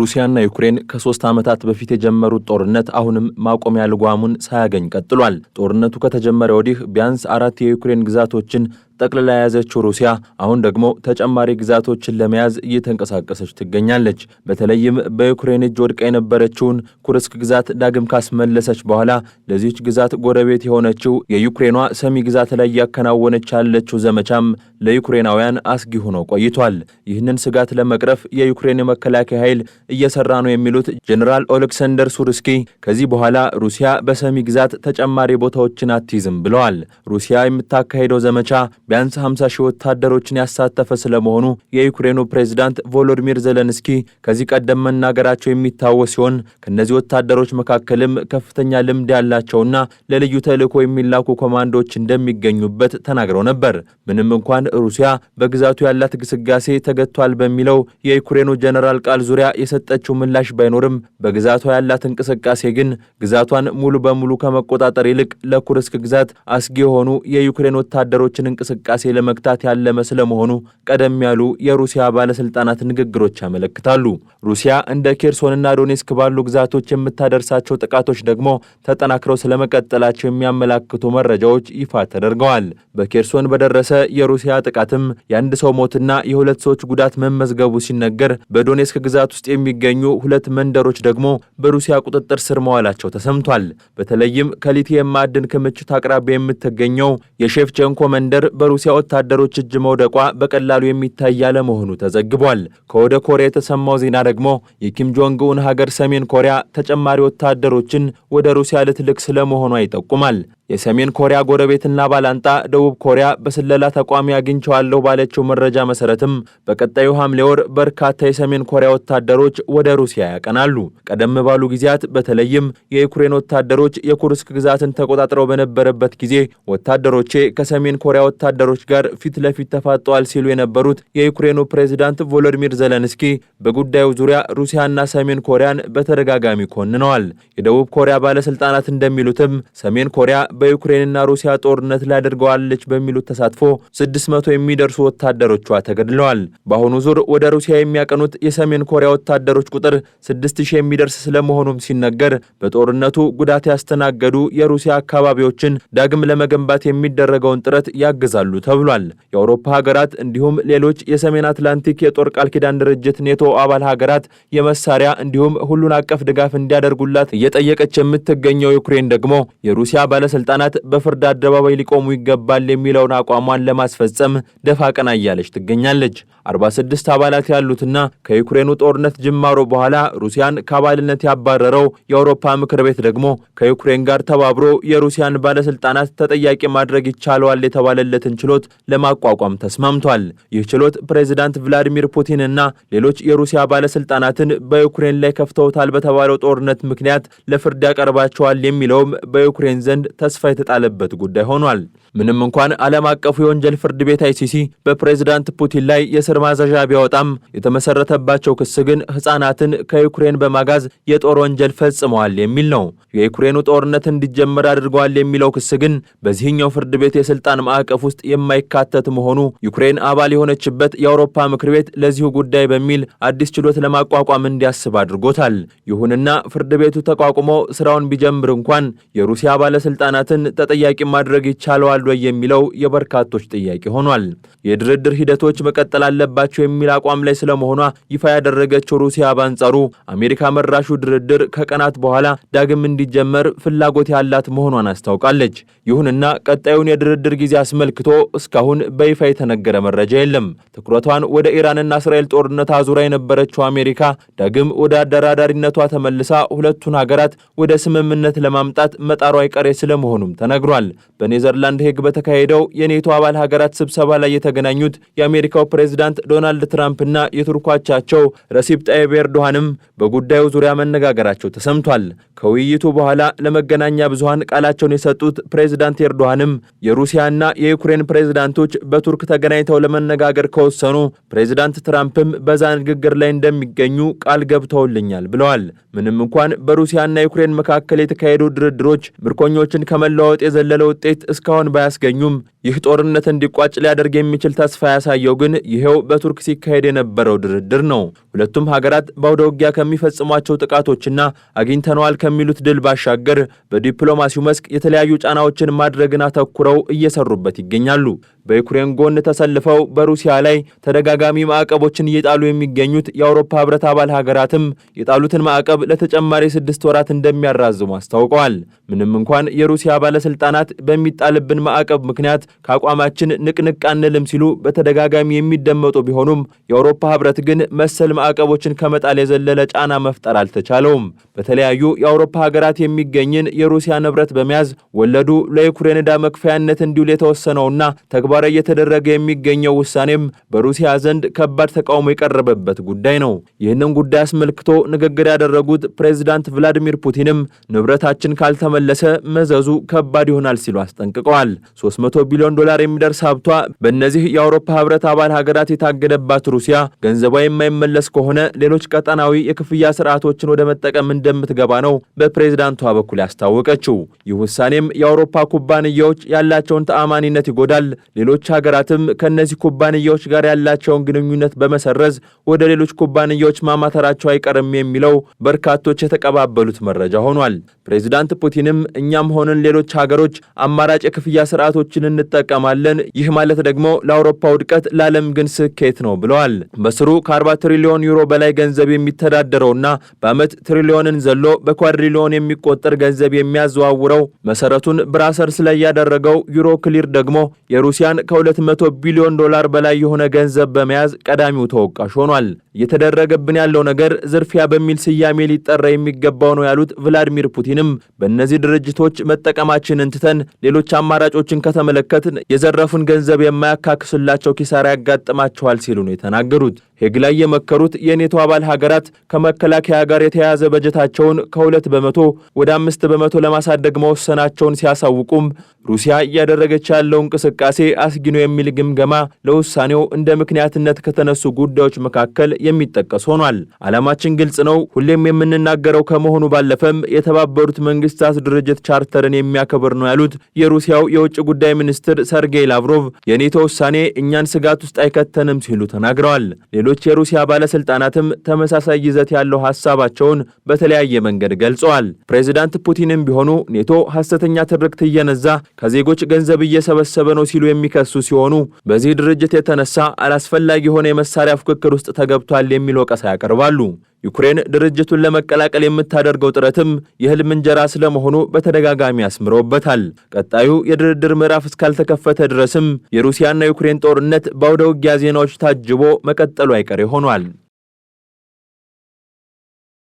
ሩሲያና ዩክሬን ከሶስት ዓመታት በፊት የጀመሩት ጦርነት አሁንም ማቆሚያ ልጓሙን ሳያገኝ ቀጥሏል። ጦርነቱ ከተጀመረ ወዲህ ቢያንስ አራት የዩክሬን ግዛቶችን ጠቅልላ የያዘችው ሩሲያ አሁን ደግሞ ተጨማሪ ግዛቶችን ለመያዝ እየተንቀሳቀሰች ትገኛለች። በተለይም በዩክሬን እጅ ወድቃ የነበረችውን ኩርስክ ግዛት ዳግም ካስመለሰች በኋላ ለዚች ግዛት ጎረቤት የሆነችው የዩክሬኗ ሰሚ ግዛት ላይ እያከናወነች ያለችው ዘመቻም ለዩክሬናውያን አስጊ ሆኖ ቆይቷል። ይህንን ስጋት ለመቅረፍ የዩክሬን የመከላከያ ኃይል እየሰራ ነው የሚሉት ጀኔራል ኦሌክሳንደር ሱርስኪ ከዚህ በኋላ ሩሲያ በሰሚ ግዛት ተጨማሪ ቦታዎችን አትይዝም ብለዋል። ሩሲያ የምታካሄደው ዘመቻ ቢያንስ 50 ሺህ ወታደሮችን ያሳተፈ ስለመሆኑ የዩክሬኑ ፕሬዝዳንት ቮሎዲሚር ዘለንስኪ ከዚህ ቀደም መናገራቸው የሚታወስ ሲሆን ከእነዚህ ወታደሮች መካከልም ከፍተኛ ልምድ ያላቸውና ለልዩ ተልዕኮ የሚላኩ ኮማንዶዎች እንደሚገኙበት ተናግረው ነበር። ምንም እንኳን ሩሲያ በግዛቱ ያላት ግስጋሴ ተገቷል በሚለው የዩክሬኑ ጀነራል ቃል ዙሪያ የሰጠችው ምላሽ ባይኖርም በግዛቷ ያላት እንቅስቃሴ ግን ግዛቷን ሙሉ በሙሉ ከመቆጣጠር ይልቅ ለኩርስክ ግዛት አስጊ የሆኑ የዩክሬን ወታደሮችን እንቅስቃሴ ለመግታት ያለመ ስለመሆኑ ቀደም ያሉ የሩሲያ ባለስልጣናት ንግግሮች ያመለክታሉ። ሩሲያ እንደ ኬርሶንና ዶኔስክ ባሉ ግዛቶች የምታደርሳቸው ጥቃቶች ደግሞ ተጠናክረው ስለመቀጠላቸው የሚያመላክቱ መረጃዎች ይፋ ተደርገዋል። በኬርሶን በደረሰ የሩሲያ ጥቃትም የአንድ ሰው ሞትና የሁለት ሰዎች ጉዳት መመዝገቡ ሲነገር በዶኔስክ ግዛት ውስጥ የሚገኙ ሁለት መንደሮች ደግሞ በሩሲያ ቁጥጥር ስር መዋላቸው ተሰምቷል። በተለይም ከሊቲየም ማዕድን ክምችት አቅራቢያ የምትገኘው የሼፍቼንኮ መንደር በሩሲያ ወታደሮች እጅ መውደቋ በቀላሉ የሚታይ አለመሆኑ ተዘግቧል። ከወደ ኮሪያ የተሰማው ዜና ደግሞ የኪም ጆንግ ኡን ሀገር ሰሜን ኮሪያ ተጨማሪ ወታደሮችን ወደ ሩሲያ ልትልክ ስለመሆኗ ይጠቁማል። የሰሜን ኮሪያ ጎረቤትና ባላንጣ ደቡብ ኮሪያ በስለላ ተቋሚ አግኝቸዋለሁ ባለችው መረጃ መሰረትም በቀጣዩ ሐምሌ ወር በርካታ የሰሜን ኮሪያ ወታደሮች ወደ ሩሲያ ያቀናሉ። ቀደም ባሉ ጊዜያት በተለይም የዩክሬን ወታደሮች የኩርስክ ግዛትን ተቆጣጥረው በነበረበት ጊዜ ወታደሮቼ ከሰሜን ኮሪያ ወታደሮች ጋር ፊት ለፊት ተፋጠዋል ሲሉ የነበሩት የዩክሬኑ ፕሬዚዳንት ቮሎዲሚር ዘለንስኪ በጉዳዩ ዙሪያ ሩሲያና ሰሜን ኮሪያን በተደጋጋሚ ኮንነዋል። የደቡብ ኮሪያ ባለስልጣናት እንደሚሉትም ሰሜን ኮሪያ በዩክሬንና ሩሲያ ጦርነት ላደርገዋለች በሚሉት ተሳትፎ 600 የሚደርሱ ወታደሮቿ ተገድለዋል። በአሁኑ ዙር ወደ ሩሲያ የሚያቀኑት የሰሜን ኮሪያ ወታደሮች ቁጥር 6000 የሚደርስ ስለመሆኑም ሲነገር በጦርነቱ ጉዳት ያስተናገዱ የሩሲያ አካባቢዎችን ዳግም ለመገንባት የሚደረገውን ጥረት ያግዛሉ ተብሏል። የአውሮፓ ሀገራት እንዲሁም ሌሎች የሰሜን አትላንቲክ የጦር ቃል ኪዳን ድርጅት ኔቶ አባል ሀገራት የመሳሪያ እንዲሁም ሁሉን አቀፍ ድጋፍ እንዲያደርጉላት እየጠየቀች የምትገኘው ዩክሬን ደግሞ የሩሲያ ባለስልጣ ባለስልጣናት በፍርድ አደባባይ ሊቆሙ ይገባል የሚለውን አቋሟን ለማስፈጸም ደፋ ቀና እያለች ትገኛለች። 46 አባላት ያሉትና ከዩክሬኑ ጦርነት ጅማሮ በኋላ ሩሲያን ከአባልነት ያባረረው የአውሮፓ ምክር ቤት ደግሞ ከዩክሬን ጋር ተባብሮ የሩሲያን ባለስልጣናት ተጠያቂ ማድረግ ይቻለዋል የተባለለትን ችሎት ለማቋቋም ተስማምቷል። ይህ ችሎት ፕሬዚዳንት ቭላዲሚር ፑቲንና ሌሎች የሩሲያ ባለስልጣናትን በዩክሬን ላይ ከፍተውታል በተባለው ጦርነት ምክንያት ለፍርድ ያቀርባቸዋል የሚለውም በዩክሬን ዘንድ ተስፋ የተጣለበት ጉዳይ ሆኗል። ምንም እንኳን ዓለም አቀፉ የወንጀል ፍርድ ቤት አይሲሲ በፕሬዝዳንት ፑቲን ላይ የስር ማዘዣ ቢያወጣም የተመሰረተባቸው ክስ ግን ሕፃናትን ከዩክሬን በማጋዝ የጦር ወንጀል ፈጽመዋል የሚል ነው። የዩክሬኑ ጦርነት እንዲጀመር አድርገዋል የሚለው ክስ ግን በዚህኛው ፍርድ ቤት የስልጣን ማዕቀፍ ውስጥ የማይካተት መሆኑ ዩክሬን አባል የሆነችበት የአውሮፓ ምክር ቤት ለዚሁ ጉዳይ በሚል አዲስ ችሎት ለማቋቋም እንዲያስብ አድርጎታል። ይሁንና ፍርድ ቤቱ ተቋቁሞ ስራውን ቢጀምር እንኳን የሩሲያ ባለስልጣናትን ተጠያቂ ማድረግ ይቻለዋል ይችላሉ የሚለው የበርካቶች ጥያቄ ሆኗል። የድርድር ሂደቶች መቀጠል አለባቸው የሚል አቋም ላይ ስለመሆኗ ይፋ ያደረገችው ሩሲያ በአንጻሩ አሜሪካ መራሹ ድርድር ከቀናት በኋላ ዳግም እንዲጀመር ፍላጎት ያላት መሆኗን አስታውቃለች። ይሁንና ቀጣዩን የድርድር ጊዜ አስመልክቶ እስካሁን በይፋ የተነገረ መረጃ የለም። ትኩረቷን ወደ ኢራንና እስራኤል ጦርነት አዙራ የነበረችው አሜሪካ ዳግም ወደ አደራዳሪነቷ ተመልሳ ሁለቱን ሀገራት ወደ ስምምነት ለማምጣት መጣሯ አይቀሬ ስለመሆኑም ተነግሯል። በኔዘርላንድ ሄግ በተካሄደው የኔቶ አባል ሀገራት ስብሰባ ላይ የተገናኙት የአሜሪካው ፕሬዚዳንት ዶናልድ ትራምፕና የቱርኩ አቻቸው ረሲፕ ጣይብ ኤርዶሃንም በጉዳዩ ዙሪያ መነጋገራቸው ተሰምቷል። ከውይይቱ በኋላ ለመገናኛ ብዙሃን ቃላቸውን የሰጡት ፕሬዚዳንት ኤርዶሃንም የሩሲያና የዩክሬን ፕሬዚዳንቶች በቱርክ ተገናኝተው ለመነጋገር ከወሰኑ ፕሬዚዳንት ትራምፕም በዛ ንግግር ላይ እንደሚገኙ ቃል ገብተውልኛል ብለዋል። ምንም እንኳን በሩሲያና ዩክሬን መካከል የተካሄዱ ድርድሮች ምርኮኞችን ከመለዋወጥ የዘለለ ውጤት እስካሁን ባያስገኙም ይህ ጦርነት እንዲቋጭ ሊያደርግ የሚችል ተስፋ ያሳየው ግን ይሄው በቱርክ ሲካሄድ የነበረው ድርድር ነው። ሁለቱም ሀገራት በአውደ ውጊያ ከሚፈጽሟቸው ጥቃቶችና አግኝተነዋል ከሚሉት ድል ባሻገር በዲፕሎማሲው መስክ የተለያዩ ጫናዎችን ማድረግን አተኩረው እየሰሩበት ይገኛሉ። በዩክሬን ጎን ተሰልፈው በሩሲያ ላይ ተደጋጋሚ ማዕቀቦችን እየጣሉ የሚገኙት የአውሮፓ ሕብረት አባል ሀገራትም የጣሉትን ማዕቀብ ለተጨማሪ ስድስት ወራት እንደሚያራዝሙ አስታውቀዋል። ምንም እንኳን የሩሲያ ባለስልጣናት በሚጣልብን ማዕቀብ ምክንያት ከአቋማችን ንቅንቅ አንልም ሲሉ በተደጋጋሚ የሚደመጡ ቢሆኑም የአውሮፓ ሕብረት ግን መሰል ማዕቀቦችን ከመጣል የዘለለ ጫና መፍጠር አልተቻለውም። በተለያዩ የአውሮፓ ሀገራት የሚገኝን የሩሲያ ንብረት በመያዝ ወለዱ ለዩክሬን ዕዳ መክፈያነት እንዲውል የተወሰነውና ተግባ ተግባራዊ እየተደረገ የሚገኘው ውሳኔም በሩሲያ ዘንድ ከባድ ተቃውሞ የቀረበበት ጉዳይ ነው። ይህንን ጉዳይ አስመልክቶ ንግግር ያደረጉት ፕሬዚዳንት ቭላዲሚር ፑቲንም ንብረታችን ካልተመለሰ መዘዙ ከባድ ይሆናል ሲሉ አስጠንቅቀዋል። 300 ቢሊዮን ዶላር የሚደርስ ሀብቷ በእነዚህ የአውሮፓ ህብረት አባል ሀገራት የታገደባት ሩሲያ ገንዘቧ የማይመለስ ከሆነ ሌሎች ቀጠናዊ የክፍያ ስርዓቶችን ወደ መጠቀም እንደምትገባ ነው በፕሬዚዳንቷ በኩል ያስታወቀችው። ይህ ውሳኔም የአውሮፓ ኩባንያዎች ያላቸውን ተአማኒነት ይጎዳል፣ ሌሎች ሀገራትም ከእነዚህ ኩባንያዎች ጋር ያላቸውን ግንኙነት በመሰረዝ ወደ ሌሎች ኩባንያዎች ማማተራቸው አይቀርም የሚለው በርካቶች የተቀባበሉት መረጃ ሆኗል። ፕሬዚዳንት ፑቲንም እኛም ሆንን ሌሎች ሀገሮች አማራጭ የክፍያ ስርዓቶችን እንጠቀማለን፣ ይህ ማለት ደግሞ ለአውሮፓ ውድቀት ለዓለም ግን ስኬት ነው ብለዋል። በስሩ ከ40 ትሪሊዮን ዩሮ በላይ ገንዘብ የሚተዳደረውና በዓመት ትሪሊዮንን ዘሎ በኳድሪሊዮን የሚቆጠር ገንዘብ የሚያዘዋውረው መሰረቱን ብራሰልስ ላይ ያደረገው ዩሮ ክሊር ደግሞ የሩሲያ ሱዳን ከ200 ቢሊዮን ዶላር በላይ የሆነ ገንዘብ በመያዝ ቀዳሚው ተወቃሽ ሆኗል። እየተደረገብን ያለው ነገር ዝርፊያ በሚል ስያሜ ሊጠራ የሚገባው ነው ያሉት ቭላዲሚር ፑቲንም በእነዚህ ድርጅቶች መጠቀማችንን ትተን ሌሎች አማራጮችን ከተመለከትን የዘረፉን ገንዘብ የማያካክስላቸው ኪሳራ ያጋጥማቸዋል ሲሉ ነው የተናገሩት። ሄግ ላይ የመከሩት የኔቶ አባል ሀገራት ከመከላከያ ጋር የተያያዘ በጀታቸውን ከሁለት በመቶ ወደ አምስት በመቶ ለማሳደግ መወሰናቸውን ሲያሳውቁም ሩሲያ እያደረገች ያለው እንቅስቃሴ አስጊ ነው የሚል ግምገማ ለውሳኔው እንደ ምክንያትነት ከተነሱ ጉዳዮች መካከል የሚጠቀስ ሆኗል። ዓላማችን ግልጽ ነው፣ ሁሌም የምንናገረው ከመሆኑ ባለፈም የተባበሩት መንግስታት ድርጅት ቻርተርን የሚያከብር ነው ያሉት የሩሲያው የውጭ ጉዳይ ሚኒስትር ሰርጌይ ላቭሮቭ የኔቶ ውሳኔ እኛን ስጋት ውስጥ አይከተንም ሲሉ ተናግረዋል። ሌሎች የሩሲያ ባለስልጣናትም ተመሳሳይ ይዘት ያለው ሀሳባቸውን በተለያየ መንገድ ገልጸዋል። ፕሬዚዳንት ፑቲንም ቢሆኑ ኔቶ ሐሰተኛ ትርክት እየነዛ ከዜጎች ገንዘብ እየሰበሰበ ነው ሲሉ የሚከሱ ሲሆኑ በዚህ ድርጅት የተነሳ አላስፈላጊ የሆነ የመሳሪያ ፉክክር ውስጥ ተገብቷል የሚል ወቀሳ ያቀርባሉ። ዩክሬን ድርጅቱን ለመቀላቀል የምታደርገው ጥረትም የህልም እንጀራ ስለመሆኑ በተደጋጋሚ አስምረውበታል። ቀጣዩ የድርድር ምዕራፍ እስካልተከፈተ ድረስም የሩሲያና ዩክሬን ጦርነት በአውደ ውጊያ ዜናዎች ታጅቦ መቀጠሉ አይቀሬ ሆኗል።